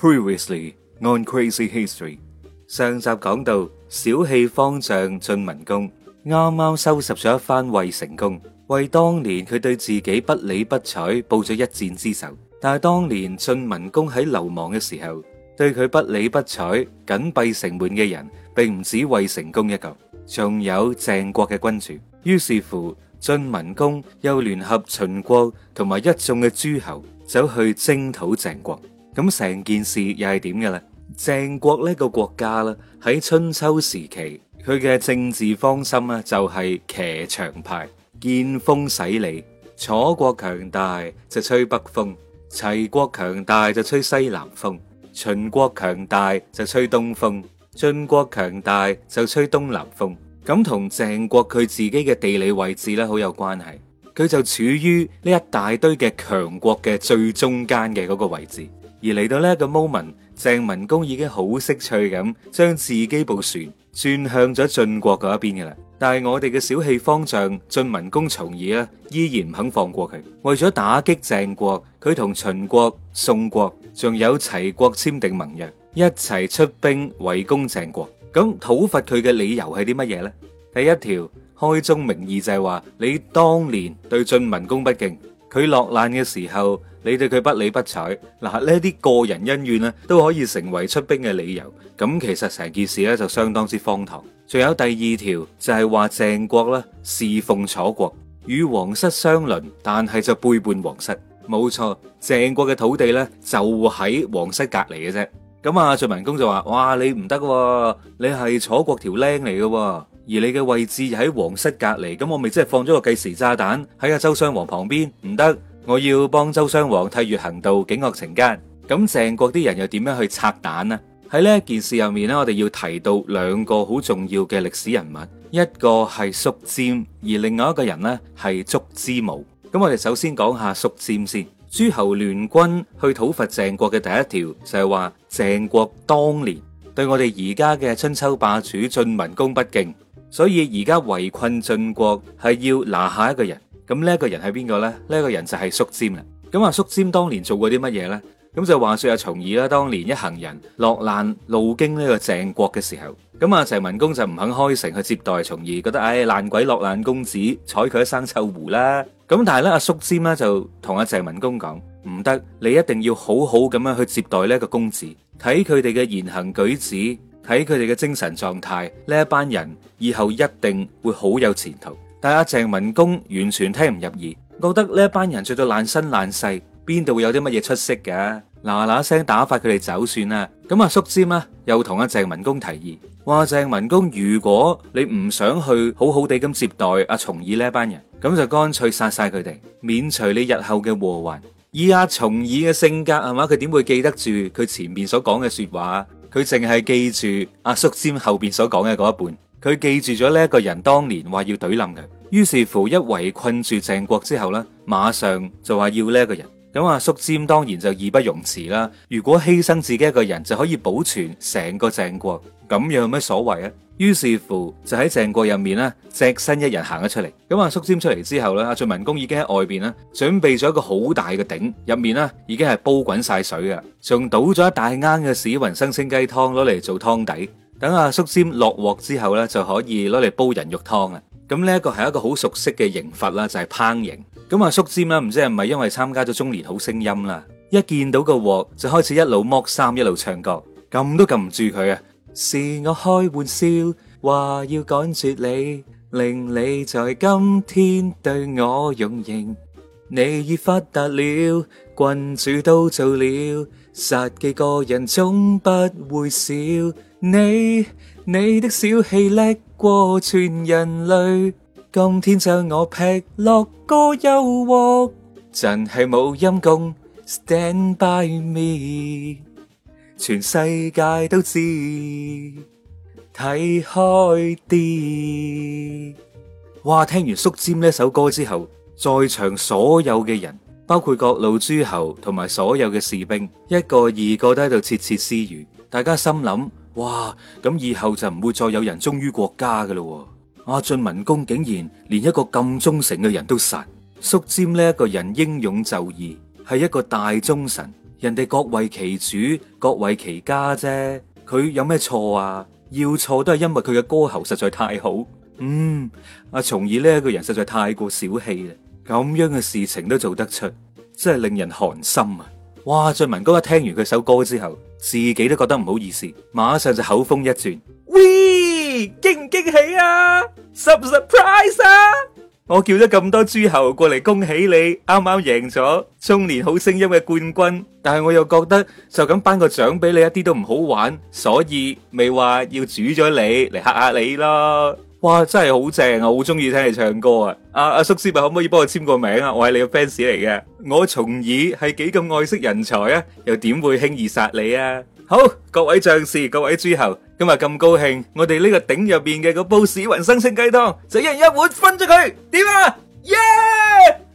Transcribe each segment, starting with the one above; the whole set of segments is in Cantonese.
Previously on Crazy History，上集講到小氣方丈晉文公，啱啱收拾咗一番衛成公，為當年佢對自己不理不睬報咗一箭之仇。但係當年晉文公喺流亡嘅時候，對佢不理不睬、緊閉城門嘅人，並唔止衛成公一個，仲有鄭國嘅君主。於是乎，晉文公又聯合秦國同埋一眾嘅諸侯，走去征討鄭國。咁成件事又係點嘅咧？鄭國呢個國家啦，喺春秋時期，佢嘅政治方針呢，就係騎牆派，見風使里。楚國強大就吹北風，齊國強大就吹西南風，秦國強大就吹東風，晉國強大就吹東南風。咁同鄭國佢自己嘅地理位置咧好有關係，佢就處於呢一大堆嘅強國嘅最中間嘅嗰個位置。而嚟到呢一個 moment，鄭文公已經好識趣咁，將自己部船轉向咗晉國嗰一邊嘅啦。但係我哋嘅小氣方丈晉文公重耳咧，依然唔肯放過佢。為咗打擊鄭國，佢同秦國、宋國仲有齊國簽訂盟約，一齊出兵圍攻鄭國。咁討伐佢嘅理由係啲乜嘢呢？第一條開宗明義就係話，你當年對晉文公不敬。佢落難嘅時候，你對佢不理不睬，嗱呢啲個人恩怨咧都可以成為出兵嘅理由，咁其實成件事咧就相當之荒唐。仲有第二條就係話鄭國咧侍奉楚國，與王室相鄰，但係就背叛王室。冇錯，鄭國嘅土地咧就喺王室隔籬嘅啫。咁啊，晉文公就話：哇，你唔得，你係楚國條僆嚟嘅。而你嘅位置又喺王室隔籬，咁我咪即係放咗個計時炸彈喺阿周襄王旁邊？唔得，我要幫周襄王替月行道，警惡懲奸。咁鄭國啲人又點樣去拆彈呢？喺呢一件事入面咧，我哋要提到兩個好重要嘅歷史人物，一個係叔詹，而另外一個人咧係燭之武。咁我哋首先講下叔詹先。諸侯聯軍去討伐鄭國嘅第一條就係話鄭國當年對我哋而家嘅春秋霸主晉文公不敬。所以而家圍困晉國係要拿下一個人，咁呢一個人係邊個咧？呢一個人就係叔詹啦。咁啊，叔詹當年做過啲乜嘢咧？咁就話説阿重耳啦，當年一行人落難路經呢個鄭國嘅時候，咁啊鄭文公就唔肯開城去接待重耳，覺得唉爛鬼落難公子，睬佢一生臭狐啦。咁但係咧，阿叔詹咧就同阿鄭文公講唔得，你一定要好好咁樣去接待呢一個公子，睇佢哋嘅言行舉止。睇佢哋嘅精神狀態，呢一班人以後一定會好有前途。但阿鄭、啊、文公完全聽唔入耳，覺得呢一班人着到爛身爛世，邊度會有啲乜嘢出息嘅？嗱嗱聲打發佢哋走算啦。咁、啊、阿叔詹啊，又同阿鄭文公提議，話鄭、啊、文公，如果你唔想去好好地咁接待阿重耳呢一班人，咁就乾脆殺晒佢哋，免除你日後嘅禍患。以阿重耳嘅性格係嘛，佢點會記得住佢前面所講嘅說話？佢淨係記住阿叔占後邊所講嘅嗰一半，佢記住咗呢一個人當年話要懟冧佢，於是乎一圍困住鄭國之後咧，馬上就話要呢一個人。咁阿叔占當然就義不容辭啦。如果犧牲自己一個人就可以保存成個鄭國，咁樣有咩所謂啊？於是乎就喺鄭國入面咧，隻身一人行咗出嚟。咁阿叔詹出嚟之後咧，阿、啊、晉文公已經喺外邊咧準備咗一個好大嘅鼎，入面咧已經係煲滾晒水嘅，仲倒咗一大罌嘅史雲生清雞湯攞嚟做湯底。等阿、啊、叔詹落鑊之後咧，就可以攞嚟煲人肉湯，嗯這個就是嗯、啊！咁呢一個係一個好熟悉嘅刑罰啦，就係烹刑。咁阿叔詹咧唔知係咪因為參加咗中年好聲音啦，一見到個鑊就開始一路剝衫一路唱歌，撳都撳唔住佢啊！是我開玩笑，話要趕絕你，令你在今天對我用刑。你已發達了，郡主都做了，殺幾個人總不會少。你你的小氣叻過全人類，今天將我劈落個油鑊，真係冇陰功。Stand by me。全世界都知，睇開啲。哇！聽完叔詹呢一首歌之後，在場所有嘅人，包括各路諸侯同埋所有嘅士兵，一個二個都喺度竊竊私語。大家心諗：哇！咁以後就唔會再有人忠於國家㗎喇。阿晉文公竟然連一個咁忠誠嘅人都殺。叔詹呢一個人英勇就義，係一個大忠臣。人哋各為其主，各為其家啫。佢有咩錯啊？要錯都係因為佢嘅歌喉實在太好。嗯，阿重耳呢一個人實在太過小氣啦，咁樣嘅事情都做得出，真係令人寒心啊！哇，晉文哥一聽完佢首歌之後，自己都覺得唔好意思，馬上就口風一轉。喂，驚唔驚喜啊？十 Surprise 啊！我叫咗咁多諸侯過嚟恭喜你，啱啱贏咗中年好聲音嘅冠軍，但係我又覺得就咁頒個獎俾你一啲都唔好玩，所以咪話要煮咗你嚟嚇下你啦。哇，真係好正啊，我好中意聽你唱歌啊！阿、啊、阿叔師妹，可唔可以幫我簽個名啊？我係你嘅 fans 嚟嘅。我重耳係幾咁愛惜人才啊，又點會輕易殺你啊？好，各位將士，各位諸侯。今日咁高興，我哋呢個頂入邊嘅煲史雲生清雞湯，就一人一碗分咗佢，點啊？耶！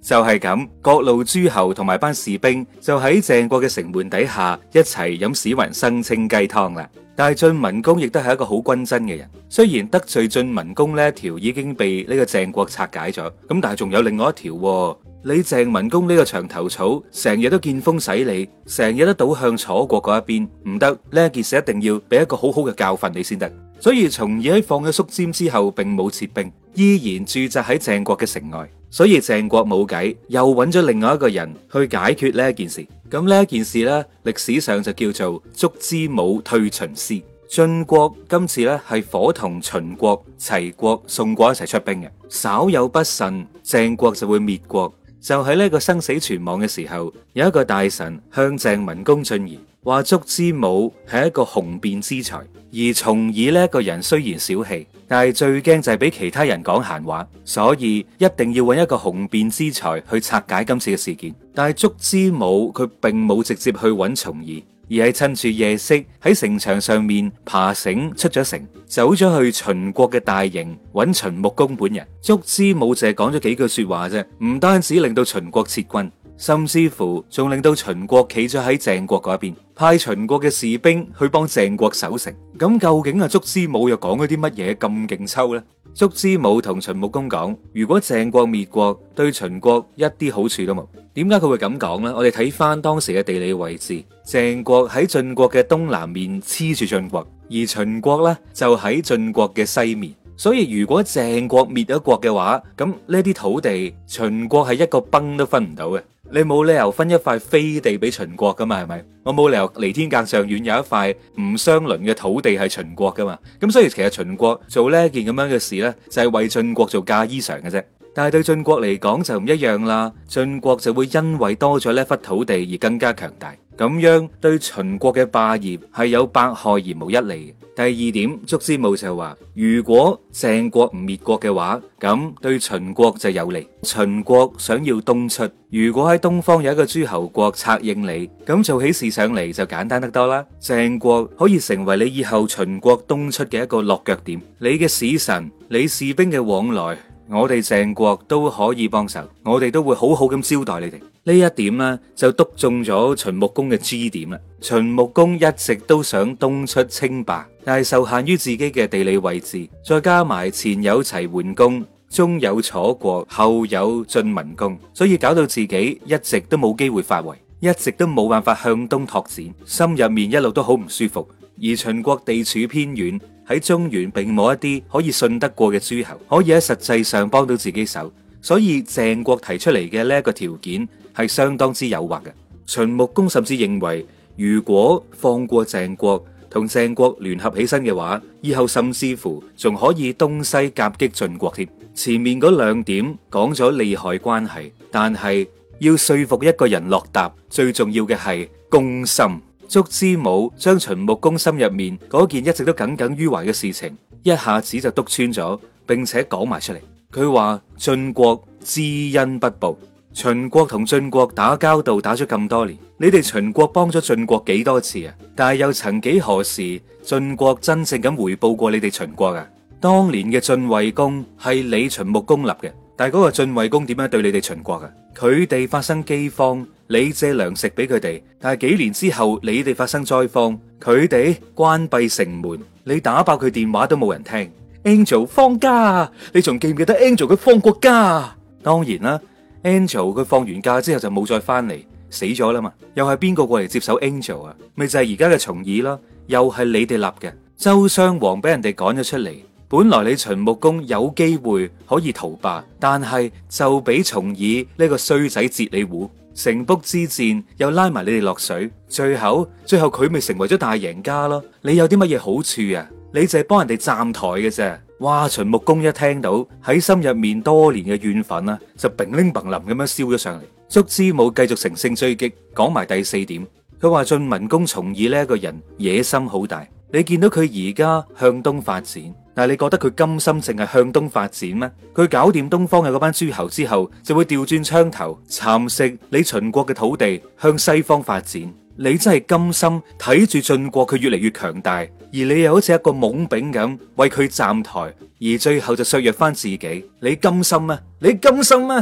就係咁，各路諸侯同埋班士兵就喺鄭國嘅城門底下一齊飲史雲生清雞湯啦。但係晉文公亦都係一個好均真嘅人，雖然得罪晉文公呢一條已經被呢個鄭國拆解咗，咁但係仲有另外一條。你鄭文公呢個牆頭草，成日都見風使你，成日都倒向楚國嗰一邊，唔得，呢一件事一定要俾一個好好嘅教訓你先得。所以，重耳喺放咗叔詹之後並冇撤兵，依然駐紮喺鄭國嘅城外。所以，鄭國冇計，又揾咗另外一個人去解決呢一件事。咁呢一件事咧，歷史上就叫做燭之武退秦師。晉國今次咧係夥同秦國、齊國、宋國一齊出兵嘅，稍有不慎，鄭國就會滅國。就喺呢一個生死存亡嘅時候，有一個大臣向鄭文公進言，話燭之武係一個雄辯之才，而重耳呢一個人雖然小氣，但係最驚就係俾其他人講閒話，所以一定要揾一個雄辯之才去拆解今次嘅事件。但係燭之武佢並冇直接去揾重耳。而係趁住夜色喺城牆上面爬繩出咗城，走咗去秦國嘅大營揾秦穆公本人，足智多謀講咗幾句說話啫，唔單止令到秦國撤軍。甚至乎仲令到秦國企咗喺鄭國嗰一邊，派秦國嘅士兵去幫鄭國守城。咁究竟啊，燭之武又講咗啲乜嘢咁勁抽咧？燭之武同秦穆公講：如果鄭國滅國，對秦國一啲好處都冇。點解佢會咁講咧？我哋睇翻當時嘅地理位置，鄭國喺晉國嘅東南面黐住晉國，而秦國咧就喺晉國嘅西面。所以如果鄭國滅咗國嘅話，咁呢啲土地秦國係一個崩都分唔到嘅。你冇理由分一塊飛地俾秦國噶嘛，係咪？我冇理由離天隔上遠有一塊唔相鄰嘅土地係秦國噶嘛？咁所以其實秦國做呢一件咁樣嘅事呢，就係、是、為晉國做嫁衣裳嘅啫。但係對晉國嚟講就唔一樣啦，晉國就會因為多咗呢一忽土地而更加強大，咁樣對秦國嘅霸業係有百害而無一利。第二點，燭之武就話：如果鄭國唔滅國嘅話，咁對秦國就有利。秦國想要東出，如果喺東方有一個諸侯國策應你，咁做起事上嚟，就簡單得多啦。鄭國可以成為你以後秦國東出嘅一個落腳點，你嘅使臣、你士兵嘅往來。我哋鄭國都可以幫手，我哋都會好好咁招待你哋。呢一點呢就督中咗秦穆公嘅 G 點啦。秦穆公一直都想東出稱霸，但係受限於自己嘅地理位置，再加埋前有齊桓公，中有楚國，後有晉文公，所以搞到自己一直都冇機會發圍，一直都冇辦法向東拓展，心入面一路都好唔舒服。而秦國地處偏遠。喺中原並冇一啲可以信得過嘅諸侯，可以喺實際上幫到自己手，所以鄭國提出嚟嘅呢一個條件係相當之誘惑嘅。秦穆公甚至認為，如果放過鄭國，同鄭國聯合起身嘅話，以後甚至乎仲可以東西夾擊晉國添。前面嗰兩點講咗利害關係，但係要說服一個人落答，最重要嘅係攻心。燭之武將秦穆公心入面嗰件一直都耿耿於懷嘅事情，一下子就篤穿咗，並且講埋出嚟。佢話晉國知恩不報，秦國同晉國打交道打咗咁多年，你哋秦國幫咗晉國幾多次啊？但係又曾幾何時，晉國真正咁回報過你哋秦國啊？當年嘅晉惠公係你秦穆公立嘅，但係嗰個晉惠公點樣對你哋秦國啊？佢哋發生饑荒。你借糧食俾佢哋，但係幾年之後，你哋發生災荒，佢哋關閉城門，你打爆佢電話都冇人聽。Angel 放假你仲記唔記得 Angel 佢放過假？啊？當然啦，Angel 佢放完假之後就冇再翻嚟，死咗啦嘛。又係邊個過嚟接手 Angel 啊？咪就係而家嘅重耳啦。又係你哋立嘅周襄王俾人哋趕咗出嚟。本來你秦穆公有機會可以圖霸，但係就俾重耳呢個衰仔截你糊。城濮之戰，又拉埋你哋落水，最後最後，佢咪成為咗大贏家咯？你有啲乜嘢好處啊？你就係幫人哋站台嘅啫。哇！秦穆公一聽到喺心入面多年嘅怨憤啦，就砰鈴砰林咁樣燒咗上嚟。燭之武繼續乘勝追擊，講埋第四點，佢話晉文公重耳呢一個人野心好大，你見到佢而家向東發展。但係你覺得佢甘心淨係向東發展咩？佢搞掂東方嘅嗰班諸侯之後，就會調轉槍頭蠶食你秦國嘅土地，向西方發展。你真係甘心睇住晉國佢越嚟越強大，而你又好似一個懵丙咁為佢站台，而最後就削弱翻自己。你甘心咩？你甘心咩？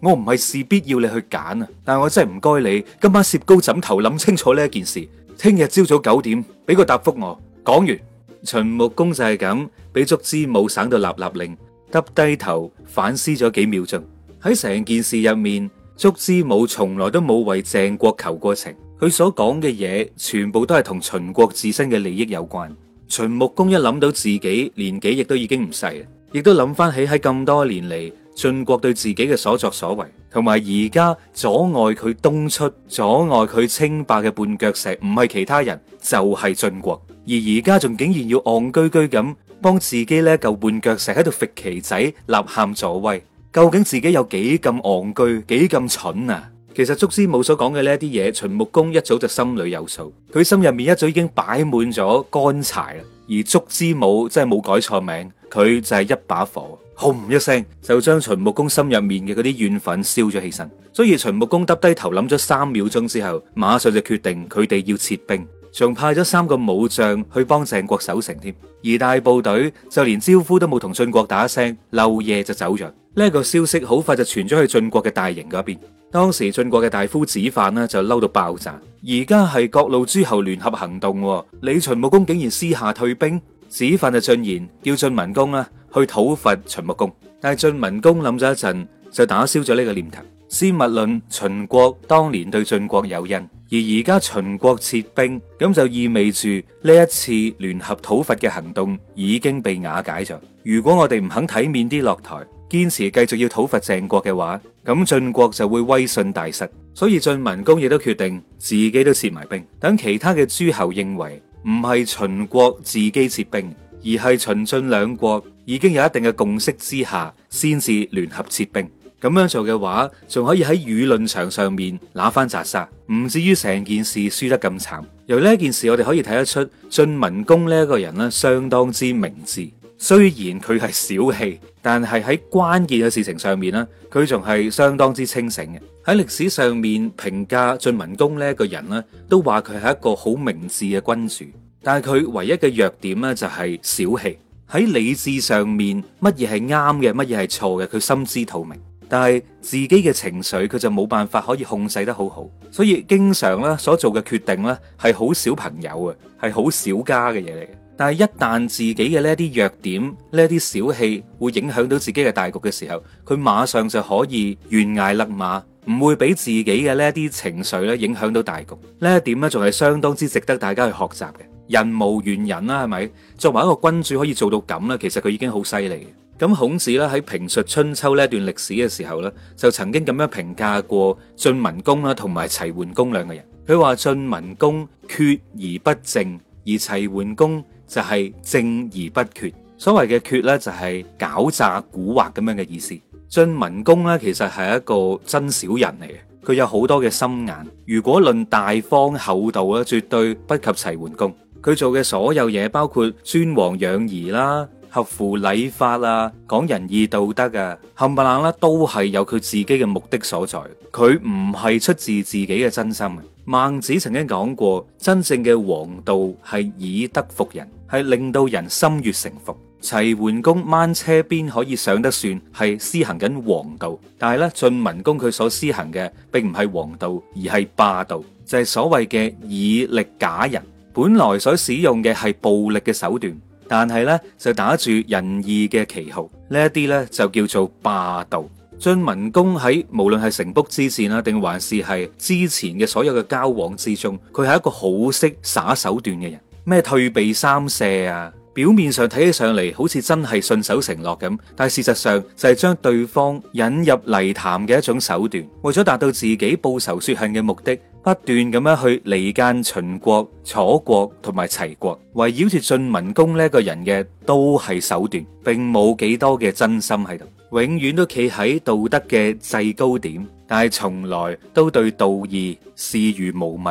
我唔係事必要你去揀啊，但係我真係唔該你今晚攝高枕頭諗清楚呢一件事。聽日朝早九點俾個答覆我。講完。秦穆公就係咁，俾燭之武省到立立令，耷低頭反思咗幾秒鐘。喺成件事入面，燭之武從來都冇為鄭國求過情，佢所講嘅嘢全部都係同秦國自身嘅利益有關。秦穆公一諗到自己年紀亦都已經唔細，亦都諗翻起喺咁多年嚟。晉國對自己嘅所作所為，同埋而家阻礙佢東出、阻礙佢稱霸嘅絆腳石，唔係其他人，就係、是、晉國。而而家仲竟然要戇居居咁幫自己呢一嚿絆腳石喺度伏旗仔、吶喊助威，究竟自己有幾咁戇居、幾咁蠢啊？其實竹之武所講嘅呢啲嘢，秦穆公一早就心裏有數，佢心入面一早已經擺滿咗乾柴啦。而竹之武真係冇改錯名，佢就係一把火。轟一聲就將秦穆公心入面嘅嗰啲怨憤燒咗起身，所以秦穆公耷低頭諗咗三秒鐘之後，馬上就決定佢哋要撤兵，仲派咗三個武將去幫鄭國守城添，而大部隊就連招呼都冇同晉國打聲，漏夜就走咗。呢一個消息好快就傳咗去晉國嘅大營嗰邊，當時晉國嘅大夫子犯呢就嬲到爆炸，而家係各路諸侯聯合行動，你秦穆公竟然私下退兵，子犯就進言叫晉文公啦。去討伐秦穆公，但係晉文公諗咗一陣，就打消咗呢個念頭。先勿論秦國當年對晉國有恩，而而家秦國撤兵，咁就意味住呢一次聯合討伐嘅行動已經被瓦解咗。如果我哋唔肯體面啲落台，堅持繼續要討伐鄭國嘅話，咁晉國就會威信大失。所以晉文公亦都決定自己都撤埋兵，等其他嘅諸侯認為唔係秦國自己撤兵，而係秦晉兩國已經有一定嘅共識之下，先至聯合撤兵。咁樣做嘅話，仲可以喺輿論場上面攞翻砸沙，唔至於成件事輸得咁慘。由呢件事，我哋可以睇得出晉文公呢一個人咧，相當之明智。雖然佢係小氣，但係喺關鍵嘅事情上面咧，佢仲係相當之清醒嘅。喺歷史上面評價晉文公呢一個人咧，都話佢係一個好明智嘅君主。但係佢唯一嘅弱點呢，就係小氣。喺理智上面，乜嘢係啱嘅，乜嘢係錯嘅，佢心知肚明。但係自己嘅情緒，佢就冇辦法可以控制得好好。所以經常咧，所做嘅決定咧，係好小朋友啊，係好小家嘅嘢嚟嘅。但係一旦自己嘅呢一啲弱點，呢一啲小氣，會影響到自己嘅大局嘅時候，佢馬上就可以懸崖勒馬，唔會俾自己嘅呢一啲情緒咧影響到大局。呢一點咧，仲係相當之值得大家去學習嘅。人無完人啦，係咪？作為一個君主可以做到咁咧，其實佢已經好犀利嘅。咁孔子咧，喺評述春秋呢一段歷史嘅時候咧，就曾經咁樣評價過晉文公啦同埋齊桓公兩個人。佢話晉文公譎而不正，而齊桓公就係正而不譎。所謂嘅譎咧，就係狡詐蠱惑咁樣嘅意思。晉文公咧，其實係一個真小人嚟嘅，佢有好多嘅心眼。如果論大方厚道咧，絕對不及齊桓公。佢做嘅所有嘢，包括尊王攘夷啦、合乎禮法啊、講仁義道德啊，冚唪唥啦，都係有佢自己嘅目的所在。佢唔係出自自己嘅真心。孟子曾經講過，真正嘅王道係以德服人，係令到人心悅誠服。齊桓公掹車邊可以想得算係施行緊王道，但係咧晉文公佢所施行嘅並唔係王道，而係霸道，就係所謂嘅以力假仁。本來所使用嘅係暴力嘅手段，但係呢就打住仁義嘅旗號，呢一啲呢就叫做霸道。晉文公喺無論係城濮之戰啊，定還是係之前嘅所有嘅交往之中，佢係一個好識耍手段嘅人，咩退避三舍啊。表面上睇起上嚟，好似真係信守承諾咁，但係事實上就係將對方引入泥潭嘅一種手段，為咗達到自己報仇雪恨嘅目的，不斷咁樣去離間秦國、楚國同埋齊國，圍繞住晉文公呢個人嘅都係手段，並冇幾多嘅真心喺度，永遠都企喺道德嘅制高點，但係從來都對道義視如無物，滿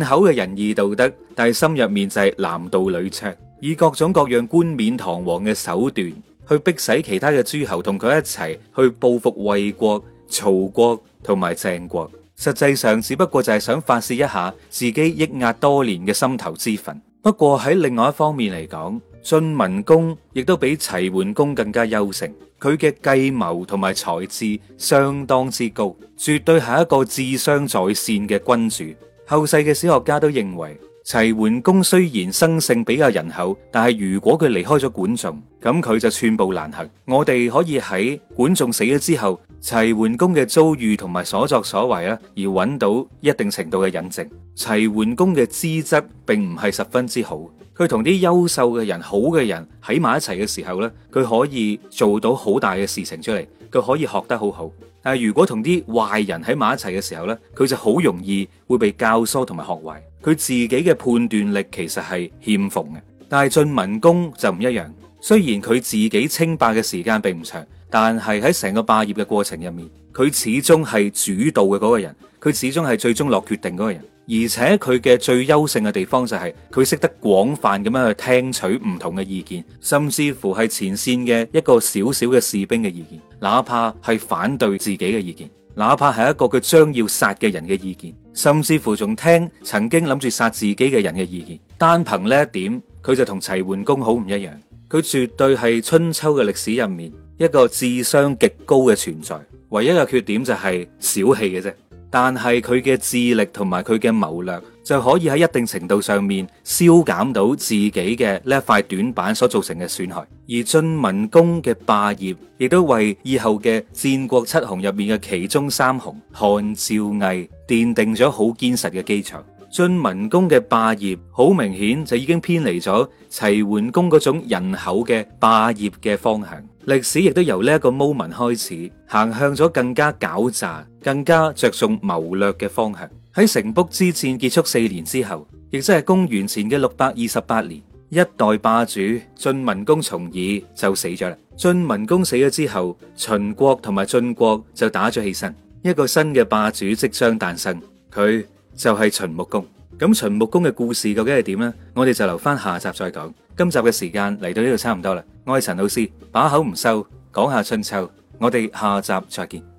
口嘅仁義道德，但係心入面就係男盜女娼。以各種各樣冠冕堂皇嘅手段，去逼使其他嘅諸侯同佢一齊去報復衛國、曹國同埋鄭國。實際上，只不過就係想發洩一下自己抑壓多年嘅心頭之憤。不過喺另外一方面嚟講，晉文公亦都比齊桓公更加優勝。佢嘅計謀同埋才智相當之高，絕對係一個智商在線嘅君主。後世嘅史學家都認為。齊桓公雖然生性比較仁厚，但係如果佢離開咗管仲，咁佢就寸步難行。我哋可以喺管仲死咗之後，齊桓公嘅遭遇同埋所作所為啦，而揾到一定程度嘅引證。齊桓公嘅資質並唔係十分之好，佢同啲優秀嘅人、好嘅人喺埋一齊嘅時候咧，佢可以做到好大嘅事情出嚟，佢可以學得好好。但係如果同啲壞人喺埋一齊嘅時候咧，佢就好容易會被教唆同埋學壞。佢自己嘅判斷力其實係欠奉嘅，但係晉文公就唔一樣。雖然佢自己稱霸嘅時間並唔長，但係喺成個霸業嘅過程入面，佢始終係主導嘅嗰個人，佢始終係最終落決定嗰個人。而且佢嘅最優勝嘅地方就係佢識得廣泛咁樣去聽取唔同嘅意見，甚至乎係前線嘅一個小小嘅士兵嘅意見，哪怕係反對自己嘅意見。哪怕係一個佢將要殺嘅人嘅意見，甚至乎仲聽曾經諗住殺自己嘅人嘅意見，單憑呢一點，佢就同齊桓公好唔一樣。佢絕對係春秋嘅歷史入面一個智商極高嘅存在，唯一嘅缺點就係小氣嘅啫。但係佢嘅智力同埋佢嘅謀略。就可以喺一定程度上面消減到自己嘅呢一塊短板所造成嘅損害，而晉文公嘅霸業亦都為以後嘅戰國七雄入面嘅其中三雄韓、趙、魏奠定咗好堅實嘅基礎。晉文公嘅霸業好明顯就已經偏離咗齊桓公嗰種人口嘅霸業嘅方向，歷史亦都由呢一個 moment 開始行向咗更加狡詐、更加着重謀略嘅方向。喺城濮之戰結束四年之後，亦即係公元前嘅六百二十八年，一代霸主晉文公重耳就死咗啦。晉文公死咗之後，秦國同埋晉國就打咗起身，一個新嘅霸主即將誕生，佢就係秦穆公。咁秦穆公嘅故事究竟係點呢？我哋就留翻下集再講。今集嘅時間嚟到呢度差唔多啦，我係陳老師，把口唔收，講下春秋，我哋下集再見。